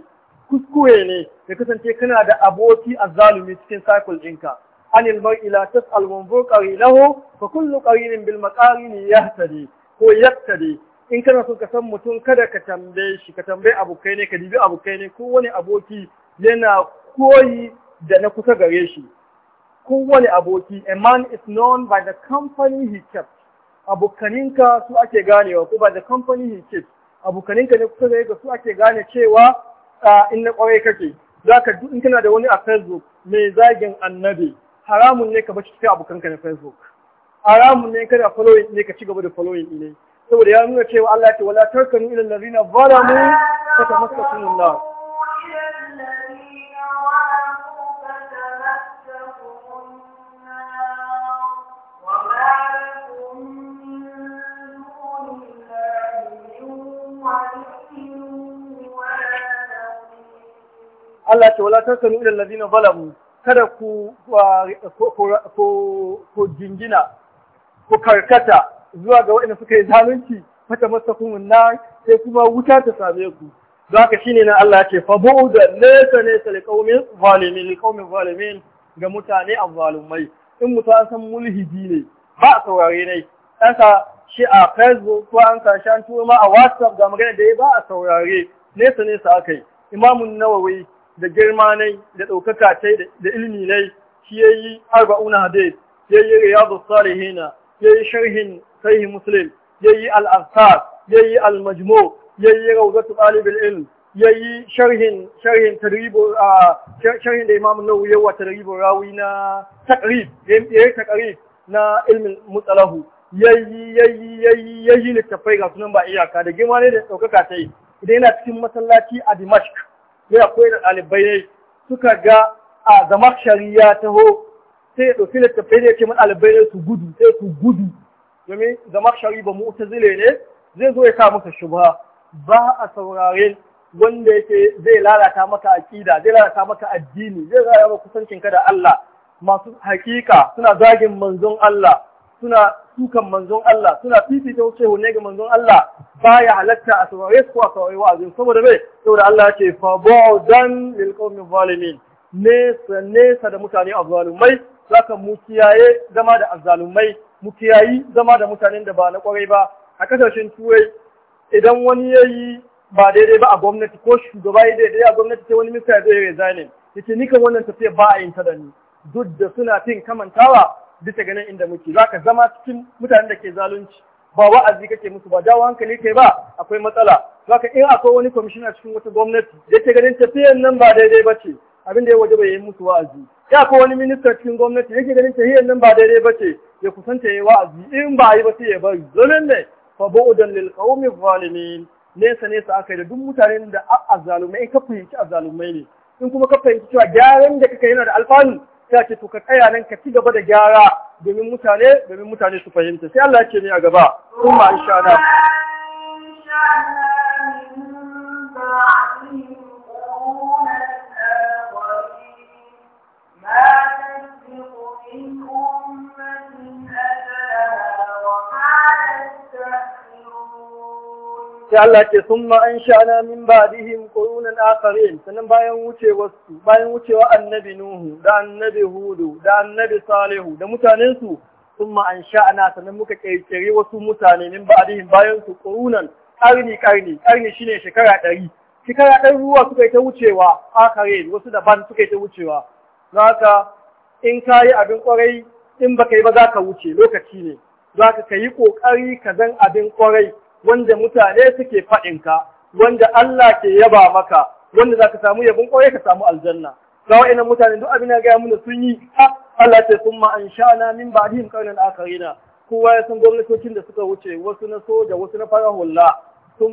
kuskure ne ya kasance kana da aboki azzalumi cikin cycle ɗinka anil mar'i la tas'al wanzur qarinahu fa kullu qarinin bil maqarini yahtadi ko yahtadi in kana so ka san mutum kada ka tambaye shi ka tambaye abokai ne ka dibi abokai ne ko wani aboki yana koyi da na kusa gare shi kowane aboki a man is known by the company he kept abokaninka su ake ganewa ko by the company he kept abokaninka ne kusa da su ake gane cewa in na kwarai kake za ka duk kana da wani a facebook mai zagin annabi haramun ne ka bashi cikin abokanka na facebook haramun ne kada following ne ka ci gaba da following ne saboda ya nuna cewa Allah ya ce wala tarkanu ila allazina zalamu fatamassakum an Allah ce wala tasanu nuna allazina zalamu kada ku ku jingina ku karkata zuwa ga waɗanda suka yi zalunci fata masa kuma na sai kuma wuta ta same ku don haka shine nan Allah ya ce fa bu'da laysa laysa liqaumin zalimin liqaumin zalimin ga mutane azzalumai in mutum an san mulhidi ne ba a saurare ne an sa shi a Facebook ko an sa shi an ma a WhatsApp ga magana da ya ba a saurare nesa nesa akai imamun nawawi da girma ne da ɗaukaka ta da ilimi ne shi ya yi arba'una hadith ya yi riyadu salihina ya yi sharhin sahih muslim ya yi al'asar ya yi al ya yi rawzatu ɗalibin ilm ya yi sharhin sharhin tadribu sharhin da imam nawawi ya tadribu rawi na taqrib ya yi taqrib na ilmin mutsalahu ya yi littattafai yayi littafai ga sunan ba iyaka da girma ne da ɗaukaka ta yi idan yana cikin masallaci a Dimashq ya akwai da ɗalibai ne suka ga a shari ya taho sai ya ɗauki littattafai ne ke ɗalibai ne su gudu sai su gudu domin shari ba zile ne zai zo ya sa maka shubha ba a sauraren wanda yake zai lalata maka aƙida, zai lalata maka addini zai lalata maka kusancinka da Allah masu hakika suna zagin manzon Allah suna sukan manzon Allah suna fifita wuce ne ga manzon Allah baya halatta a saurare ko a saurare wa'azin saboda bai saboda Allah ce fa ba'dan lil qawmi zalimin nesa nesa da mutane azzalumai zaka mu kiyaye zama da azzalumai mu kiyayi zama da mutanen da ba na kwarai ba a kasashen turai idan wani yayi ba daidai ba a gwamnati ko shugaba ya daidai a gwamnati sai wani minista ya zo ya resign yace kan wannan tafiya ba a yin ta da ni duk da suna fin kamantawa bisa ganin inda muke za ka zama cikin mutanen da ke zalunci ba wa'azi kake musu ba dawo hankali kai ba akwai matsala za ka in akwai wani kwamishina cikin wata gwamnati da ke ganin tafiyan nan ba daidai ba ce abin da ya waje bai yi musu wa'azi ya akwai wani minista cikin gwamnati yake ganin tafiyan nan ba daidai ba ce ya kusanta ya yi wa'azi in ba yi ba sai ya bari zonin ne fa bu'udan lil qaumi zalimin nesa nesa aka yi da duk mutanen da zalumai in ka fahimci zalumai ne in kuma ka fahimci cewa gyaran da kaka yana da alfanu sai ce to ka tsaya nan ka ci gaba da gyara domin mutane domin mutane su fahimta sai Allah ya ce ne a gaba kuma insha Allah ما تسبق من أمة أجلها sai Allah ce sun ma'an sha'ana min ba dihim ƙorunan akarin sannan bayan wucewarsu bayan wucewa annabi Nuhu da annabi Hudu da annabi Salihu da mutanensu sun ma'an sha'ana sannan muka ƙirƙiri wasu mutane min ba dihim bayan su ƙorunan ƙarni ƙarni ƙarni ne shekara ɗari shekara ɗari ruwa suka yi ta wucewa akarin wasu daban suka yi ta wucewa haka in ka yi abin ƙwarai in baka yi ba za ka wuce lokaci ne za ka yi ƙoƙari ka zan abin ƙwarai wanda mutane suke faɗin ka wanda Allah ke yaba maka wanda za ka samu yabon koyi ka samu aljanna ga wa'ina mutane duk abin da gaya sun yi Allah ce ma an sha'ana min ba'dihim qawlan akarina. kowa ya san gwamnatocin da suka wuce wasu na soja wasu na fara hulla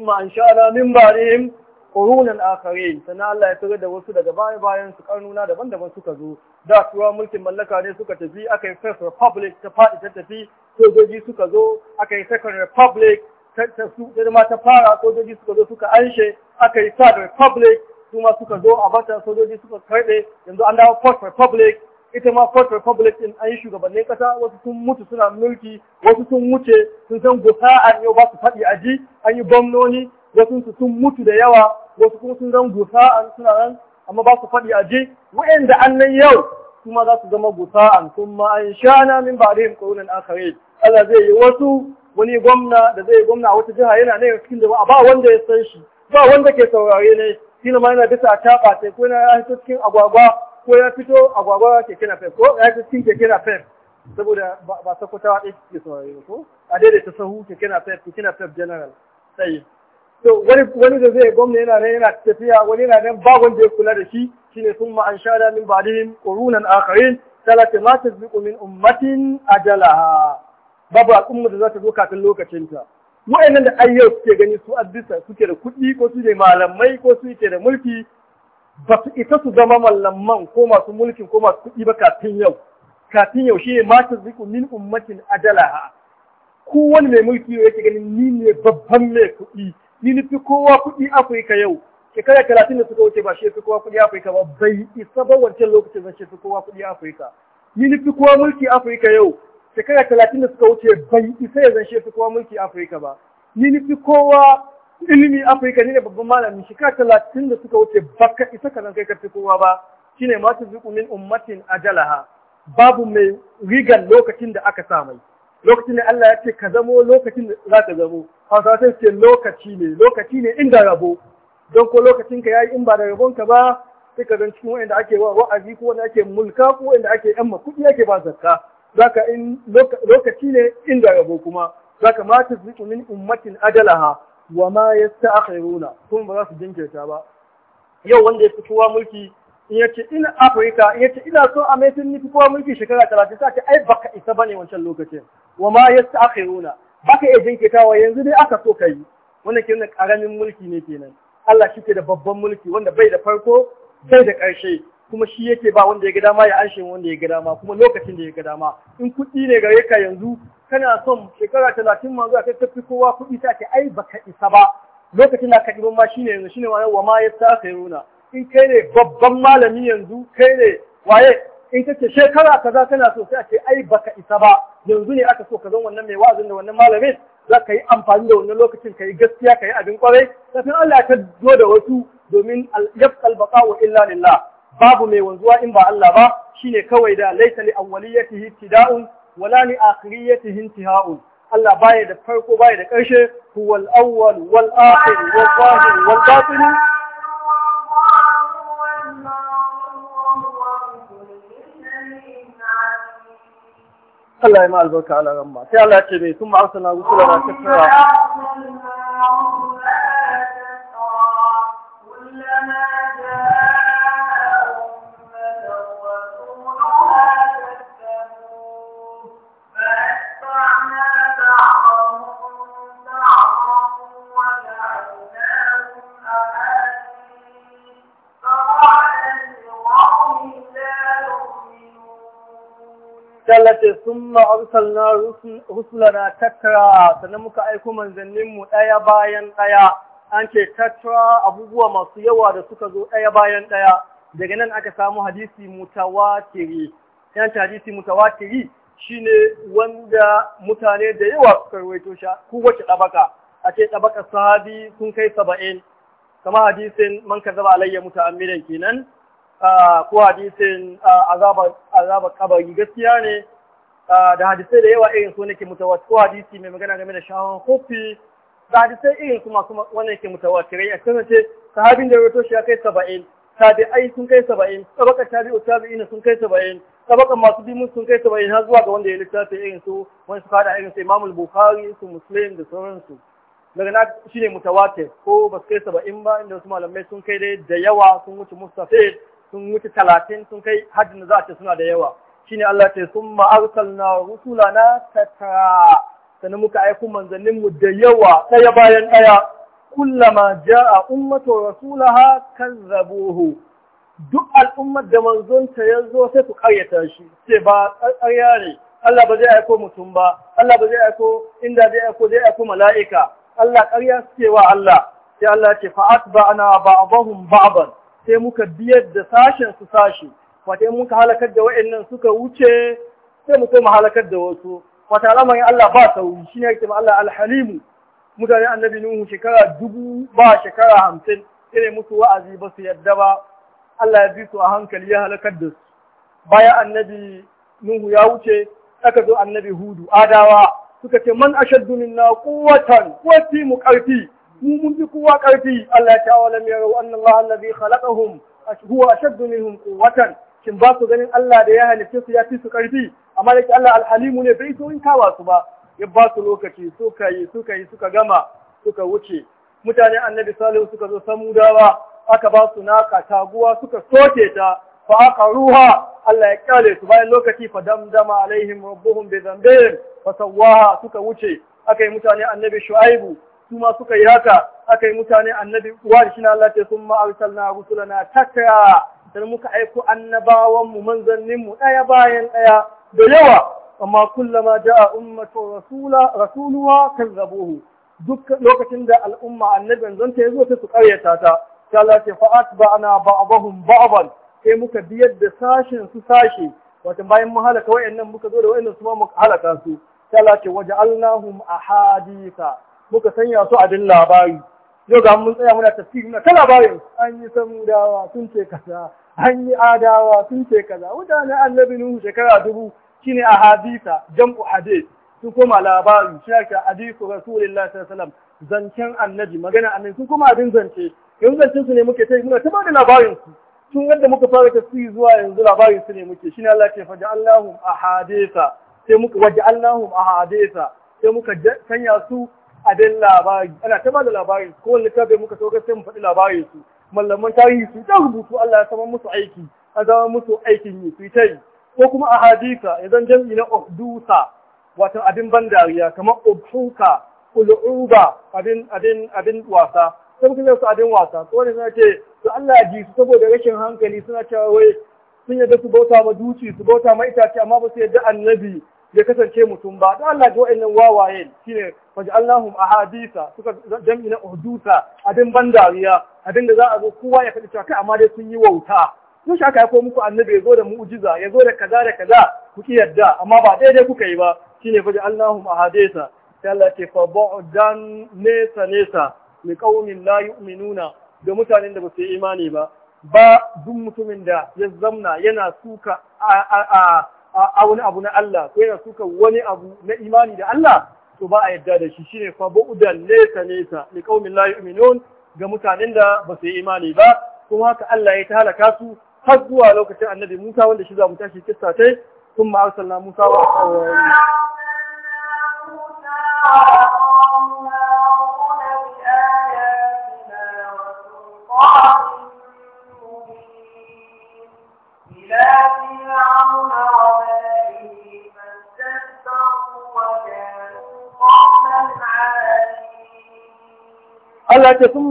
ma an sha'ana min ba'dihim ƙorunan akare sannan Allah ya tura da wasu daga baya bayan su karnuna daban-daban suka zo da kuwa mulkin mallaka ne suka tafi aka yi first republic ta faɗi ta tafi sojoji suka zo aka yi second republic ta su da ma ta fara sojoji suka zo suka anshe aka yi third republic su ma suka zo a bata sojoji suka karɓe. yanzu an dawo fort republic ita ma fort republic din an yi shugabannin kasa wasu sun mutu suna mulki wasu sun wuce sun san a yau ba su faɗi a ji. an yi bamnoni wasu sun mutu da yawa wasu kuma sun zan gusa a suna nan amma ba su faɗi a aji wa'anda an nan yau kuma za su zama gusa a kuma an shana min ba ba'dihim ƙaunin kare Allah zai yi wasu wani gwamna da zai gwamna a wata jiha yana nan cikin jama'a ba wanda ya san shi ba wanda ke saurare ne shi ma yana bisa a taɓa sai ko yana ya fito cikin agwagwa ko ya fito agwagwa keke na ko ya fito cikin keke na saboda ba sakwatawa ɗaya ke saurare ko a daidaita sahu keke na fef keke na general sai to wani wani da zai gwamna yana nan yana tafiya wani yana nan ba wanda ya kula da shi shine sun ma an shada min ba ba'dihim ƙorunan akarin talatin ma tasbiqu min ummatin ajalaha babu al'umma da za ta zo kafin lokacinta wa'annan da ayyau suke gani su addisa suke da kuɗi ko su ne malamai ko su ke da mulki ba su ita su zama mallaman ko masu mulkin ko masu kuɗi ba kafin yau kafin yau shine ma ta ziku min ummatin adalaha wani mai mulki yake ganin ni ne babban mai kuɗi ni nufi kowa kuɗi afirka yau shekara talatin da suka wuce ba shi fi kowa kuɗi afirka ba bai isa ba wancan lokacin zan shi fi kowa kuɗi afirka ni nufi kowa mulki afirka yau shekara talatin da suka wuce bai isa ya zanshe su kowa mulki Afirka ba. Ni nufi kowa ilimi Afirka ne babban malami shekara talatin da suka wuce baka isa ka zan kai karfi kowa ba shine ne rukunin zuku min ummatin ajalaha babu mai rigan lokacin da aka samai. Lokacin da Allah ya ce ka zamo lokacin da za ka zamo. Hausawa sai ce lokaci ne lokaci ne inda rabo. Don ko lokacin ka yayi in ba da rabon ka ba sai ka zan cikin wa'anda ake wa wa'azi ko wanda ake mulka ko wa'anda ake yan kuɗi ake ba zakka. zaka in lokaci ne inda rabo kuma zaka ma zuku min ummatin adalaha? wa ma yasta'khiruna kuma ba za su jinkirta ba yau wanda ya fi kowa mulki in yace ina Afirka in yace ina so a mai sun nufi kowa mulki shekara talatin ta ce ai baka isa bane wancan lokacin wa ma yasta'khiruna baka iya wa yanzu dai aka so kai wannan kenan karamin mulki ne kenan Allah shi ke da babban mulki wanda bai da farko bai da ƙarshe kuma shi yake ba wanda ya ga dama ya anshe wanda ya ga dama kuma lokacin da ya ga dama in kuɗi ne gare ka yanzu kana son shekara talatin ma zuwa kai tafi kowa kuɗi ta ke ai baka isa ba lokacin da kaɗi ban ma shine yanzu shine wani wa ya sa rona in kai ne babban malami yanzu kai ne waye in kace shekara kaza kana so sai a ai baka isa ba yanzu ne aka so ka zan wannan mai wa'azin da wannan malamin za ka yi amfani da wannan lokacin ka yi gaskiya ka yi abin kwarai kafin Allah ta zo da wasu domin yafkal baqa wa illa lillah babu mai wanzuwa in ba Allah ba shine kawai da laita li awwaliyatihi ibtida'un wala li akhiriyatihi intiha'un Allah baya da farko baya da ƙarshe huwal awwal wal akhir wal zahir wal batin Allah ya ma albarka ala ramma sai Allah ya ce bai sun kuma arsalna da kasara tallace sun ma'arsal na rusulana tattara sannan muka aiko manzannin mu ɗaya bayan ɗaya an ce tattara abubuwa masu yawa da suka zo ɗaya bayan ɗaya daga nan aka samu hadisi mutawatiri yan hadisi mutawatiri shine wanda mutane da yawa suka rawaito shi kowace wace ɗabaka a ce ɗabaka sahabi sun kai saba'in kama hadisin man kazaba alayya muta'ammidan kenan ko hadisin azabar kabari gaskiya ne da hadisai da yawa irin su nake mutawat ko hadisi mai magana game da shawon kofi da hadisai irin su masu wannan ke mutawatirai a kan ce sahabin da rato shi ya kai saba'in tabi'ai sun kai saba'in tabakar tabi'u tabi'ina sun kai saba'in tabakar masu bi sun kai saba'in har zuwa ga wanda ya littafi irin su wani su fada irin su imamul bukari su muslim da sauransu daga na shine mutawatir ko ba su kai saba'in ba inda wasu malamai sun kai dai da yawa sun wuce mustafa sun wuce talatin sun kai hajjin na za a ce suna da yawa shine Allah ce sun ma'arsalna rusulana tatra sannan muka aiko manzanninmu da yawa ɗaya bayan ɗaya kullama ja'a ummatu kan kazzabuhu duk al'ummar da manzonta ya zo sai su karyata shi ce ba ƙarya ne Allah ba zai aiko mutum ba Allah ba zai aiko inda zai aiko zai aiko mala'ika Allah ƙarya suke wa Allah sai Allah ce fa'at ana ba'dahum ba'dan sai muka biyar da sashen su sashe. wata in muka halakar da wa'annan suka wuce sai mu koma halakar da wasu wata al'amarin Allah ba sauri shine yake ma Allah alhalimu mutane annabi nuhu shekara dubu ba shekara hamsin ire musu wa'azi ba su yadda ba Allah ya bi su a hankali ya halakar da su bayan annabi nuhu ya wuce aka zo annabi hudu adawa suka ce man ashaddu minna quwwatan wa fi mu karfi mu mun fi kowa ƙarfi Allah ya ce awalam yarau anna Allah allazi khalaqahum huwa ashaddu minhum quwwatan shin ba su ganin Allah da ya halitta su ya fi su ƙarfi amma da Allah alhalimu ne bai so in kawa su ba ya ba su lokaci suka yi suka yi suka gama suka wuce mutane annabi salihu suka zo samudawa aka ba su naka taguwa suka soke ta fa aka ruha Allah ya kyale su bayan lokaci fa damdama alaihim rabbuhum bi dhanbihim fa sawaha suka wuce aka yi mutane annabi shu'aibu su ma suka yi haka aka yi mutane annabi uwa da shi na Allah ce sun ma na rusulana takra dan muka aiko annabawan mu manzannin mu daya bayan daya da yawa amma kullama jaa ummatu rasula rasuluha kazzabuhu duk lokacin da al'umma annabin zanta yazo sai su karyata ta sai Allah ce ba ana ba'dahum ba'dan sai muka biyar da sashen su sashe. wato bayan mu halaka wayannan muka zo da wayannan su ma muka halaka su sai Allah ce waja'alnahum ahadika muka sanya su a abin labari yau ga mun tsaya muna tafiya muna ta labarin an yi samudawa sun ce kaza an yi adawa sun ce kaza mutanen annabi nuhu shekara dubu shine a hadisa jam'u hadith sun koma labari shi ake hadithu rasulullahi sallallahu alaihi zancen annabi magana annabi sun koma abin zance yanzu zancen su ne muke ta muna ta ba da labarin su tun yadda muka fara tafsiri zuwa yanzu labarin su ne muke shine Allah ke faɗi Allahum ahadisa sai muka waje ahadisa sai muka sanya su abin labari ana ta da labari ko littafi muka so sai mu faɗi labarin su mallaman tarihi su ta rubutu Allah ya saman musu aiki an zama musu aikin yi su yi ko kuma a hadisa idan jam'i na ofdusa wato abin ban dariya kamar ofuka ul'uba abin abin abin wasa sai muka su abin wasa ko wani suna ce su Allah ya ji su saboda rashin hankali suna cewa wai sun yadda su bauta ma duci su bauta ma itace amma ba su yadda annabi ya kasance mutum ba da Allah ji wa'annan wawaye shine a hadisa. suka jam'i na uhdusa abin ban dariya abin da za a zo kowa ya faɗi cewa kai amma dai sun yi wauta yau shi aka muku annabi ya zo da mu'jiza ya zo da kaza da kaza ku ki yadda amma ba daidai kuka yi ba shine a ahadisa sai Allah ce fa ba'dan nesa nesa li qaumin la yu'minuna da mutanen da ba su yi imani ba ba duk mutumin da ya zamna yana suka a a wani abu na Allah ko yana suka wani abu na imani da Allah to ba a yadda da shi shine fa nesa laysa laysa li qaumin la yu'minun ga mutanen da ba su yi imani ba kuma haka Allah ya ta halaka su har zuwa lokacin annabi Musa wanda shi za mu tashi kissa tai kuma arsalna Musa wa ce sun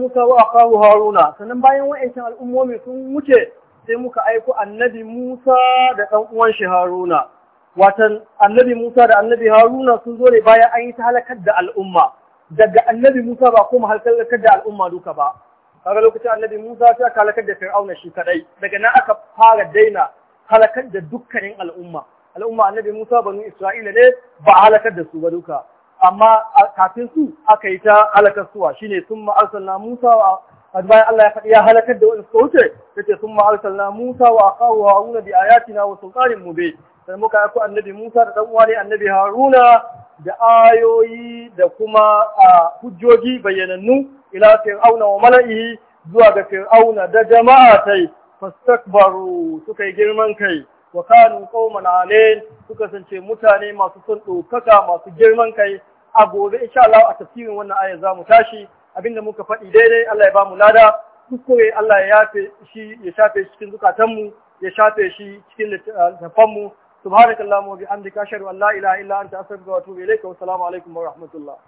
Musa wa akahu Haruna sannan bayan wa'ancan al'ummomi sun wuce sai muka aiko annabi Musa da ɗan uwan shi Haruna watan annabi Musa da annabi Haruna sun zo ne bayan an yi ta halakar da al'umma daga annabi Musa ba kuma halakar da al'umma duka ba kaga lokacin annabi Musa sai aka halakar da Fir'auna shi kadai daga nan aka fara daina halakar da dukkanin al'umma al'umma annabi Musa banu Isra'ila ne ba halakar da su ba duka amma kafin su aka yi ta halakar suwa Shi ne sun na Musa bayan Allah ya faɗi ya halakar da wani sauce Ta ce sun na Musa wa wa Haruna bi ayatina wa sultanin mubin sai muka aiko annabi Musa da dan uwane annabi Haruna da ayoyi da kuma hujjoji bayyanannu ila fir'auna wa mala'i zuwa ga fir'auna da jama'a tai fastakbaru suka yi girman kai wa kanu qauman alin suka sance mutane masu son ɗaukaka masu girman kai a gobe insha Allah a tafsirin wannan aya zamu mu tashi abinda muka faɗi daidai Allah ya ba mu lada kuskure Allah ya yafe shi ya shafe shi cikin zukatanmu ya shafe shi cikin littafanmu subhanakallahumma wa bihamdika ashhadu an la ilaha illa anta astaghfiruka wa atubu ilaik wa assalamu alaikum wa rahmatullah